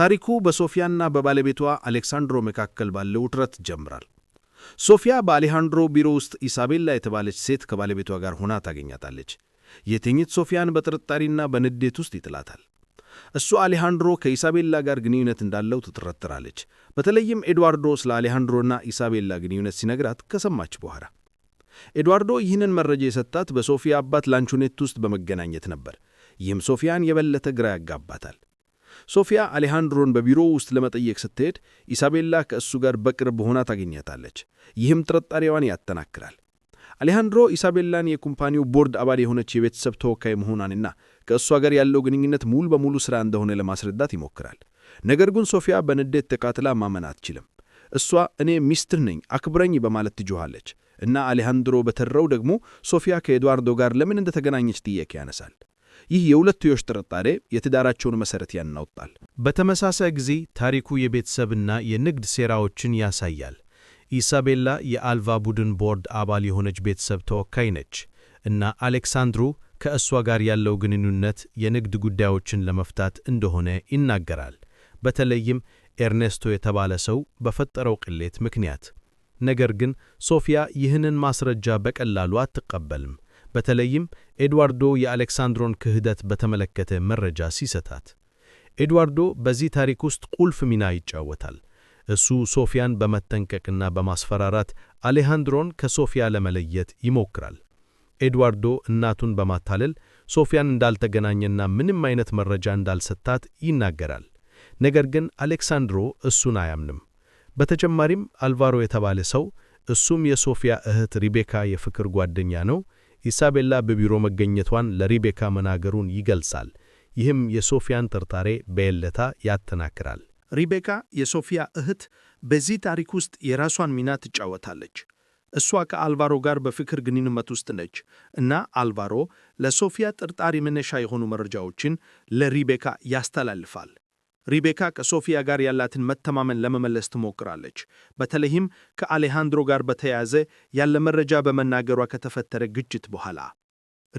ታሪኩ በሶፊያና በባለቤቷ አሌክሳንድሮ መካከል ባለው ውጥረት ጀምራል። ሶፊያ በአሌሃንድሮ ቢሮ ውስጥ ኢሳቤላ የተባለች ሴት ከባለቤቷ ጋር ሆና ታገኛታለች። የትኝት ሶፊያን በጥርጣሪና በንዴት ውስጥ ይጥላታል። እሱ አሌሃንድሮ ከኢሳቤላ ጋር ግንኙነት እንዳለው ትጠረጥራለች። በተለይም ኤድዋርዶ ስለ አሌሃንድሮና ኢሳቤላ ግንኙነት ሲነግራት ከሰማች በኋላ ኤድዋርዶ ይህንን መረጃ የሰጣት በሶፊያ አባት ላንቾኔት ውስጥ በመገናኘት ነበር። ይህም ሶፊያን የበለጠ ግራ ያጋባታል። ሶፊያ አሌሃንድሮን በቢሮ ውስጥ ለመጠየቅ ስትሄድ ኢሳቤላ ከእሱ ጋር በቅርብ ሆና ታገኘታለች። ይህም ጥርጣሬዋን ያጠናክራል። አሌሃንድሮ ኢሳቤላን የኩምፓኒው ቦርድ አባል የሆነች የቤተሰብ ተወካይ መሆኗንና ከእሷ ጋር ያለው ግንኙነት ሙሉ በሙሉ ሥራ እንደሆነ ለማስረዳት ይሞክራል። ነገር ግን ሶፊያ በንዴት ተቃጥላ ማመን አትችልም። እሷ እኔ ሚስትር ነኝ አክብረኝ በማለት ትጆኋለች እና አሌሃንድሮ በተረው ደግሞ ሶፊያ ከኤድዋርዶ ጋር ለምን እንደተገናኘች ጥያቄ ያነሳል። ይህ የሁለትዮሽ ጥርጣሬ የትዳራቸውን መሠረት ያናውጣል። በተመሳሳይ ጊዜ ታሪኩ የቤተሰብና የንግድ ሴራዎችን ያሳያል። ኢሳቤላ የአልቫ ቡድን ቦርድ አባል የሆነች ቤተሰብ ተወካይ ነች እና አሌክሳንድሩ ከእሷ ጋር ያለው ግንኙነት የንግድ ጉዳዮችን ለመፍታት እንደሆነ ይናገራል። በተለይም ኤርኔስቶ የተባለ ሰው በፈጠረው ቅሌት ምክንያት። ነገር ግን ሶፊያ ይህንን ማስረጃ በቀላሉ አትቀበልም። በተለይም ኤድዋርዶ የአሌክሳንድሮን ክህደት በተመለከተ መረጃ ሲሰታት። ኤድዋርዶ በዚህ ታሪክ ውስጥ ቁልፍ ሚና ይጫወታል። እሱ ሶፊያን በመጠንቀቅና በማስፈራራት አሌሃንድሮን ከሶፊያ ለመለየት ይሞክራል። ኤድዋርዶ እናቱን በማታለል ሶፊያን እንዳልተገናኘና ምንም አይነት መረጃ እንዳልሰጣት ይናገራል። ነገር ግን አሌክሳንድሮ እሱን አያምንም። በተጨማሪም አልቫሮ የተባለ ሰው እሱም የሶፊያ እህት ሪቤካ የፍቅር ጓደኛ ነው ኢሳቤላ በቢሮ መገኘቷን ለሪቤካ መናገሩን ይገልጻል። ይህም የሶፊያን ጥርጣሬ በየለታ ያጠናክራል። ሪቤካ የሶፊያ እህት በዚህ ታሪክ ውስጥ የራሷን ሚና ትጫወታለች። እሷ ከአልቫሮ ጋር በፍቅር ግንኙነት ውስጥ ነች እና አልቫሮ ለሶፊያ ጥርጣሬ መነሻ የሆኑ መረጃዎችን ለሪቤካ ያስተላልፋል። ሪቤካ ከሶፊያ ጋር ያላትን መተማመን ለመመለስ ትሞክራለች። በተለይም ከአሌሃንድሮ ጋር በተያያዘ ያለ መረጃ በመናገሯ ከተፈጠረ ግጭት በኋላ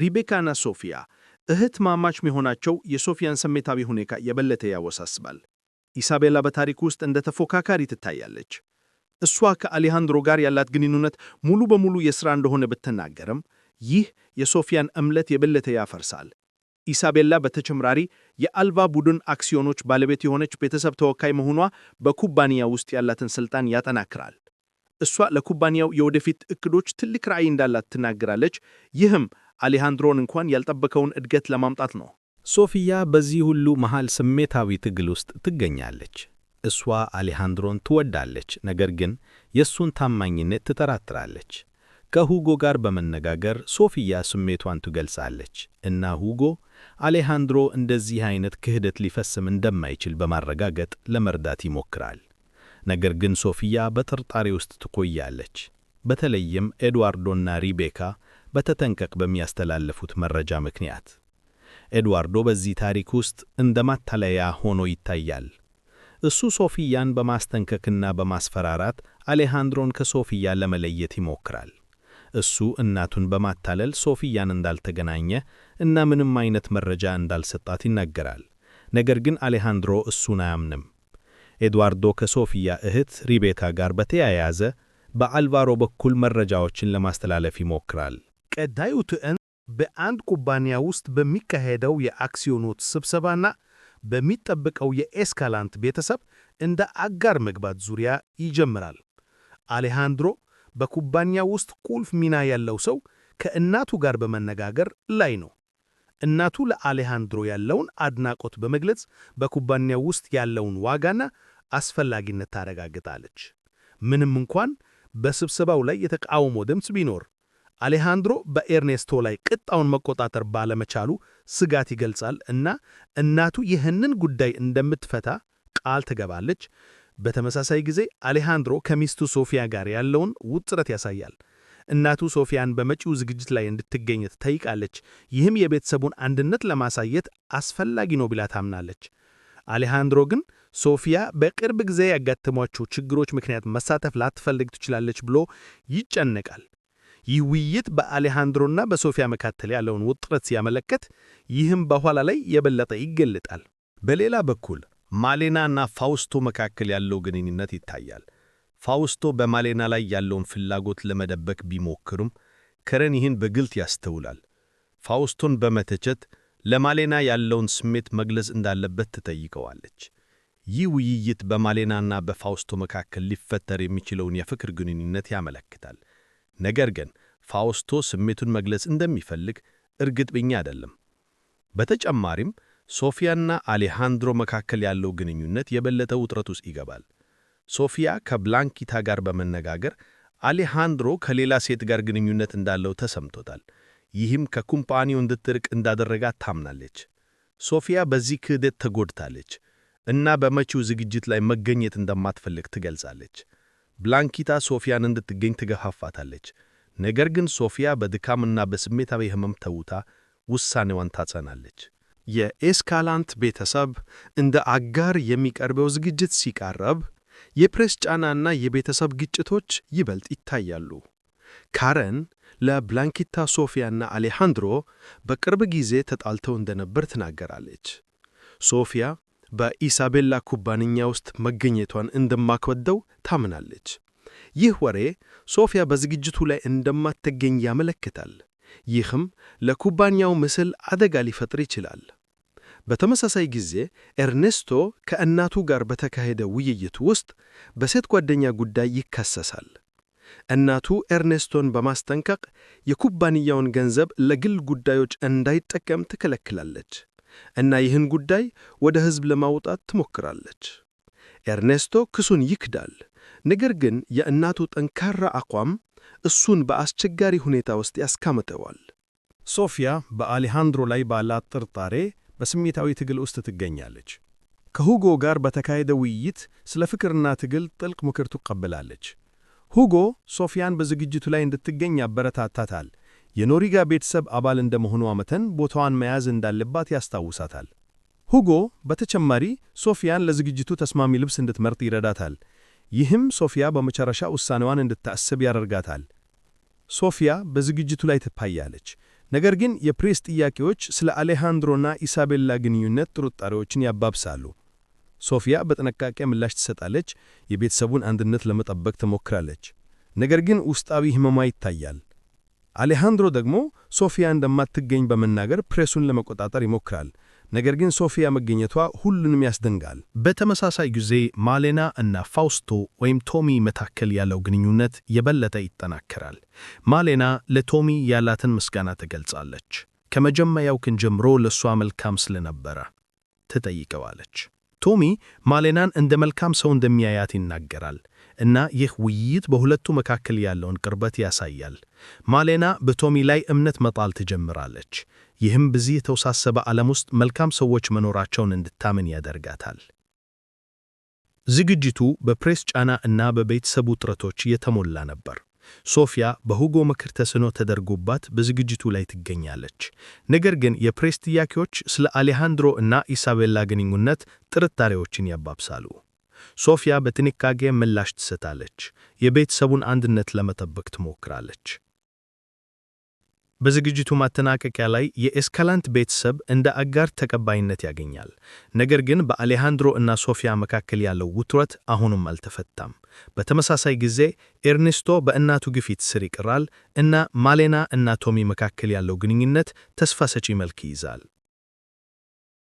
ሪቤካና ሶፊያ እህት ማማች መሆናቸው የሶፊያን ስሜታዊ ሁኔታ የበለጠ ያወሳስባል። ኢሳቤላ በታሪክ ውስጥ እንደ ተፎካካሪ ትታያለች። እሷ ከአሌሃንድሮ ጋር ያላት ግንኙነት ሙሉ በሙሉ የሥራ እንደሆነ ብትናገርም ይህ የሶፊያን እምነት የበለጠ ያፈርሳል። ኢሳቤላ በተጨማሪ የአልባ ቡድን አክሲዮኖች ባለቤት የሆነች ቤተሰብ ተወካይ መሆኗ በኩባንያ ውስጥ ያላትን ስልጣን ያጠናክራል። እሷ ለኩባንያው የወደፊት እቅዶች ትልቅ ራዕይ እንዳላት ትናገራለች። ይህም አሌሃንድሮን እንኳን ያልጠበቀውን እድገት ለማምጣት ነው። ሶፊያ በዚህ ሁሉ መሃል ስሜታዊ ትግል ውስጥ ትገኛለች። እሷ አሌሃንድሮን ትወዳለች፣ ነገር ግን የእሱን ታማኝነት ትጠራጥራለች። ከሁጎ ጋር በመነጋገር ሶፊያ ስሜቷን ትገልጻለች እና ሁጎ አሌሃንድሮ እንደዚህ አይነት ክህደት ሊፈስም እንደማይችል በማረጋገጥ ለመርዳት ይሞክራል። ነገር ግን ሶፊያ በጥርጣሬ ውስጥ ትቆያለች። በተለይም ኤድዋርዶና ሪቤካ በተጠንቀቅ በሚያስተላልፉት መረጃ ምክንያት ኤድዋርዶ በዚህ ታሪክ ውስጥ እንደ ማታለያ ሆኖ ይታያል። እሱ ሶፊያን በማስተንከክና በማስፈራራት አሌሃንድሮን ከሶፊያ ለመለየት ይሞክራል። እሱ እናቱን በማታለል ሶፊያን እንዳልተገናኘ እና ምንም አይነት መረጃ እንዳልሰጣት ይናገራል። ነገር ግን አሌሃንድሮ እሱን አያምንም። ኤድዋርዶ ከሶፊያ እህት ሪቤካ ጋር በተያያዘ በአልቫሮ በኩል መረጃዎችን ለማስተላለፍ ይሞክራል። ቀዳዩ ትዕይንት በአንድ ኩባንያ ውስጥ በሚካሄደው የአክሲዮኖች ስብሰባና በሚጠብቀው የኤስካላንት ቤተሰብ እንደ አጋር መግባት ዙሪያ ይጀምራል። አሌሃንድሮ በኩባንያ ውስጥ ቁልፍ ሚና ያለው ሰው ከእናቱ ጋር በመነጋገር ላይ ነው። እናቱ ለአሌሃንድሮ ያለውን አድናቆት በመግለጽ በኩባንያው ውስጥ ያለውን ዋጋና አስፈላጊነት ታረጋግጣለች። ምንም እንኳን በስብሰባው ላይ የተቃውሞ ድምፅ ቢኖር፣ አሌሃንድሮ በኤርኔስቶ ላይ ቅጣውን መቆጣጠር ባለመቻሉ ስጋት ይገልጻል እና እናቱ ይህንን ጉዳይ እንደምትፈታ ቃል ትገባለች። በተመሳሳይ ጊዜ አሌሃንድሮ ከሚስቱ ሶፊያ ጋር ያለውን ውጥረት ያሳያል። እናቱ ሶፊያን በመጪው ዝግጅት ላይ እንድትገኝ ትጠይቃለች። ይህም የቤተሰቡን አንድነት ለማሳየት አስፈላጊ ነው ብላ ታምናለች። አሌሃንድሮ ግን ሶፊያ በቅርብ ጊዜ ያጋጠሟቸው ችግሮች ምክንያት መሳተፍ ላትፈልግ ትችላለች ብሎ ይጨነቃል። ይህ ውይይት በአሌሃንድሮና በሶፊያ መካከል ያለውን ውጥረት ሲያመለከት፣ ይህም በኋላ ላይ የበለጠ ይገልጣል። በሌላ በኩል ማሌና እና ፋውስቶ መካከል ያለው ግንኙነት ይታያል። ፋውስቶ በማሌና ላይ ያለውን ፍላጎት ለመደበቅ ቢሞክርም ከረን ይህን በግልት ያስተውላል። ፋውስቶን በመተቸት ለማሌና ያለውን ስሜት መግለጽ እንዳለበት ትጠይቀዋለች። ይህ ውይይት በማሌናና በፋውስቶ መካከል ሊፈጠር የሚችለውን የፍቅር ግንኙነት ያመለክታል። ነገር ግን ፋውስቶ ስሜቱን መግለጽ እንደሚፈልግ እርግጠኛ አይደለም። በተጨማሪም ሶፊያና አሌሃንድሮ መካከል ያለው ግንኙነት የበለጠ ውጥረት ውስጥ ይገባል። ሶፊያ ከብላንኪታ ጋር በመነጋገር አሌሃንድሮ ከሌላ ሴት ጋር ግንኙነት እንዳለው ተሰምቶታል። ይህም ከኩምፓኒው እንድትርቅ እንዳደረጋት ታምናለች። ሶፊያ በዚህ ክህደት ተጎድታለች እና በመቼው ዝግጅት ላይ መገኘት እንደማትፈልግ ትገልጻለች። ብላንኪታ ሶፊያን እንድትገኝ ትገፋፋታለች። ነገር ግን ሶፊያ በድካምና በስሜታዊ ሕመም ተውታ ውሳኔዋን ታጸናለች። የኤስካላንት ቤተሰብ እንደ አጋር የሚቀርበው ዝግጅት ሲቃረብ የፕሬስ ጫናና የቤተሰብ ግጭቶች ይበልጥ ይታያሉ። ካረን ለብላንኪታ ሶፊያና አሌሃንድሮ በቅርብ ጊዜ ተጣልተው እንደነበር ትናገራለች። ሶፊያ በኢሳቤላ ኩባንያ ውስጥ መገኘቷን እንደማትወደው ታምናለች። ይህ ወሬ ሶፊያ በዝግጅቱ ላይ እንደማትገኝ ያመለክታል። ይህም ለኩባንያው ምስል አደጋ ሊፈጥር ይችላል። በተመሳሳይ ጊዜ ኤርኔስቶ ከእናቱ ጋር በተካሄደ ውይይት ውስጥ በሴት ጓደኛ ጉዳይ ይካሰሳል። እናቱ ኤርኔስቶን በማስጠንቀቅ የኩባንያውን ገንዘብ ለግል ጉዳዮች እንዳይጠቀም ትከለክላለች እና ይህን ጉዳይ ወደ ሕዝብ ለማውጣት ትሞክራለች። ኤርኔስቶ ክሱን ይክዳል፣ ነገር ግን የእናቱ ጠንካራ አቋም እሱን በአስቸጋሪ ሁኔታ ውስጥ ያስካምተዋል። ሶፊያ በአሌሃንድሮ ላይ ባላት ጥርጣሬ በስሜታዊ ትግል ውስጥ ትገኛለች። ከሁጎ ጋር በተካሄደ ውይይት ስለ ፍቅርና ትግል ጥልቅ ምክር ትቀበላለች። ሁጎ ሶፊያን በዝግጅቱ ላይ እንድትገኝ ያበረታታታል። የኖሪጋ ቤተሰብ አባል እንደመሆኗ መተን ቦታዋን መያዝ እንዳለባት ያስታውሳታል። ሁጎ በተጨማሪ ሶፊያን ለዝግጅቱ ተስማሚ ልብስ እንድትመርጥ ይረዳታል። ይህም ሶፊያ በመጨረሻ ውሳኔዋን እንድታስብ ያደርጋታል። ሶፊያ በዝግጅቱ ላይ ትታያለች። ነገር ግን የፕሬስ ጥያቄዎች ስለ አሌሃንድሮና ኢሳቤላ ግንኙነት ጥርጣሬዎችን ያባብሳሉ። ሶፊያ በጥንቃቄ ምላሽ ትሰጣለች፣ የቤተሰቡን አንድነት ለመጠበቅ ትሞክራለች። ነገር ግን ውስጣዊ ህመሟ ይታያል። አሌሃንድሮ ደግሞ ሶፊያ እንደማትገኝ በመናገር ፕሬሱን ለመቆጣጠር ይሞክራል። ነገር ግን ሶፊያ መገኘቷ ሁሉንም ያስደንጋል። በተመሳሳይ ጊዜ ማሌና እና ፋውስቶ ወይም ቶሚ መካከል ያለው ግንኙነት የበለጠ ይጠናከራል። ማሌና ለቶሚ ያላትን ምስጋና ትገልጻለች። ከመጀመሪያው ቀን ጀምሮ ለእሷ መልካም ስለነበረ ትጠይቀዋለች። ቶሚ ማሌናን እንደ መልካም ሰው እንደሚያያት ይናገራል። እና ይህ ውይይት በሁለቱ መካከል ያለውን ቅርበት ያሳያል። ማሌና በቶሚ ላይ እምነት መጣል ትጀምራለች። ይህም በዚህ የተወሳሰበ ዓለም ውስጥ መልካም ሰዎች መኖራቸውን እንድታምን ያደርጋታል። ዝግጅቱ በፕሬስ ጫና እና በቤተሰቡ ውጥረቶች የተሞላ ነበር። ሶፊያ በሁጎ ምክር ተስኖ ተደርጎባት በዝግጅቱ ላይ ትገኛለች። ነገር ግን የፕሬስ ጥያቄዎች ስለ አሌሃንድሮ እና ኢሳቤላ ግንኙነት ጥርጣሬዎችን ያባብሳሉ። ሶፊያ በጥንቃቄ ምላሽ ትሰጣለች፣ የቤተሰቡን አንድነት ለመጠበቅ ትሞክራለች። በዝግጅቱ ማጠናቀቂያ ላይ የኤስካላንት ቤተሰብ እንደ አጋር ተቀባይነት ያገኛል። ነገር ግን በአሌሃንድሮ እና ሶፊያ መካከል ያለው ውጥረት አሁንም አልተፈታም። በተመሳሳይ ጊዜ ኤርኔስቶ በእናቱ ግፊት ስር ይቅራል እና ማሌና እና ቶሚ መካከል ያለው ግንኙነት ተስፋ ሰጪ መልክ ይይዛል።